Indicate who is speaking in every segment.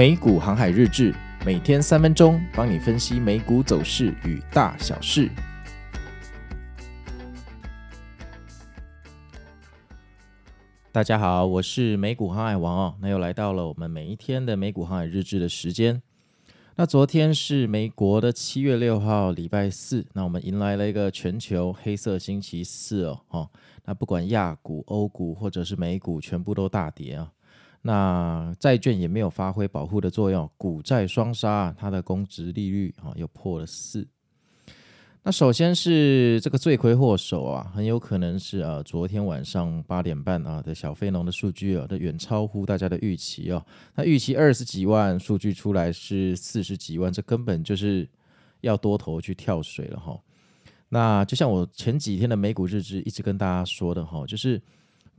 Speaker 1: 美股航海日誌，每天三分鐘，幫你分析美股走勢與大小事。大家好，我是美股航海王哦。那又來到了我們每一天的美股航海日誌的時間。那昨天是美國的七月六號，禮拜四。那我們迎來了一個全球黑色星期四哦。哦，那不管亞股、歐股或者是美股，全部都大跌啊。那債券也沒有發揮保護的作用，股債雙殺，它的公債利率啊又破了四。那首先是這個罪魁禍首啊，很有可能是啊昨天晚上八點半啊的小非農的數據啊，那遠超乎大家的預期哦、啊。那預期二十幾萬，數據出來是四十幾萬，這根本就是要多頭去跳水了哈。那就像我前幾天的美股日志一直跟大家說的哈，就是。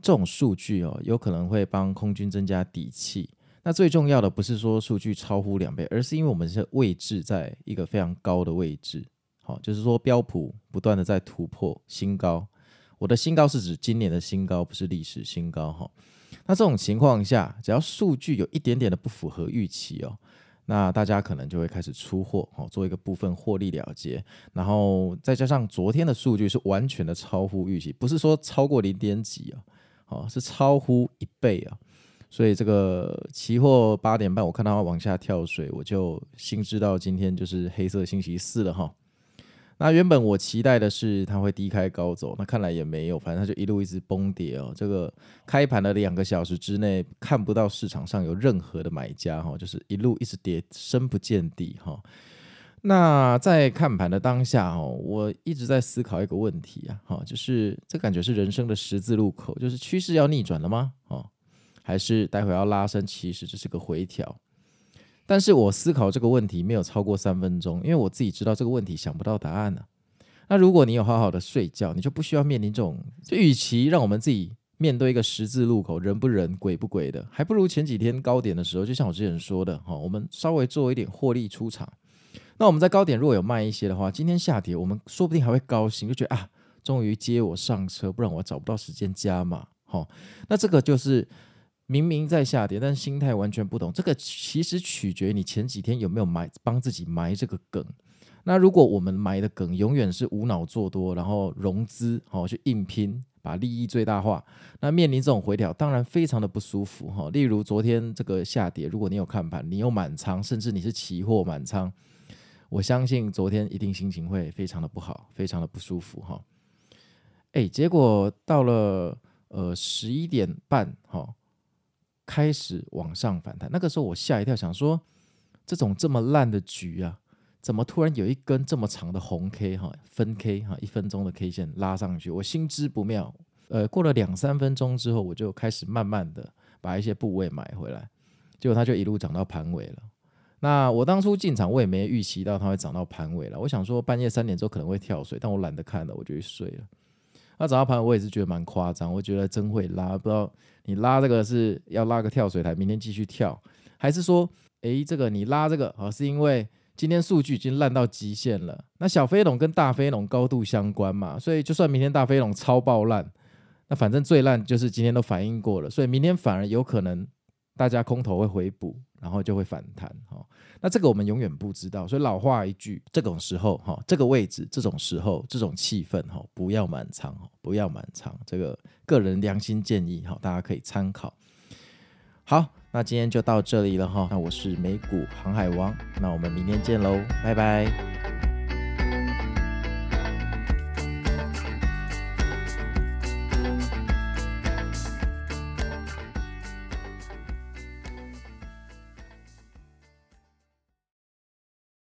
Speaker 1: 這種數據哦，有可能會幫空軍增加底氣。那最重要的不是說數據超乎兩倍，而是因為我們是位置在一個非常高的位置。好、哦，就是說標普不斷的在突破新高。我的新高是指今年的新高，不是歷史新高哈、哦。那這種情況下，只要數據有一點點的不符合預期哦，那大家可能就會開始出貨，好、哦，做一個部分獲利了結。然後再加上昨天的數據是完全的超乎預期，不是說超過零點幾哦。哦，是超乎一倍啊，所以這個期貨八點半，我看到它往下跳水，我就心知道今天就是黑色星期四了哈。那原本我期待的是它會低開高走，那看來也沒有，反正它就一路一直崩跌哦。這個開盤了兩個小時之內，看不到市場上有任何的買家哈，哦，就是一路一直跌，深不見底哈。哦那在看盤的當下哦，我一直在思考一個問題啊，哈，就是這感覺是人生的十字路口，就是趨勢要逆轉了嗎？哦，還是待會要拉升？其實這是個回調。但是我思考這個問題沒有超過三分鐘，因為我自己知道這個問題想不到答案呢，啊。那如果你有好好的睡覺，你就不需要面臨這種。就與其讓我們自己面對一個十字路口，人不人，鬼不鬼的，還不如前幾天高點的時候，就像我之前說的，哈，我們稍微做一點獲利出場。那我們在高點如果有賣一些的話，今天下跌，我們說不定還會高興，就覺得啊，終於接我上車，不然我找不到時間加碼。好、哦，那這個就是明明在下跌，但是心態完全不同。這個其實取決於你前幾天有沒有埋，幫自己埋這個梗。那如果我們埋的梗永遠是無腦做多，然後融資好、哦、去硬拼，把利益最大化，那面臨這種回調，當然非常的不舒服哈、哦。例如昨天這個下跌，如果你有看盤，你有滿倉，甚至你是期貨滿倉。我相信昨天一定心情會非常的不好，非常的不舒服哈。哎、哦，結果到了呃十一點半哈、哦，開始往上反彈。那個時候我嚇一跳，想說這種這麼爛的局啊，怎麼突然有一根這麼長的紅 K 哈、哦、分 K 哈、哦、一分鐘的 K 線拉上去？我心知不妙。呃，過了兩三分鐘之後，我就開始慢慢的把一些部位買回來。結果它就一路漲到盤尾了。那我當初進場，我也沒預期到它會漲到盤尾了。我想說半夜三點之後可能會跳水，但我懶得看了，我就去睡了。那漲到盤尾，我也是覺得蠻誇張。我覺得真會拉，不知道你拉這個是要拉個跳水台，明天繼續跳，還是說，哎，這個你拉這個啊，是因為今天數據已經爛到極限了。那小飛龍跟大飛龍高度相關嘛，所以就算明天大飛龍超爆爛，那反正最爛就是今天都反映過了，所以明天反而有可能大家空頭會回補，然後就會反彈。那這個我們永遠不知道，所以老話一句，這種時候哈，這個位置，這種時候，這種氣氛哈，不要滿倉，不要滿倉，這個個人良心建議哈，大家可以參考。好，那今天就到這裡了哈，那我是美股航海王，那我們明天見嘍，拜拜。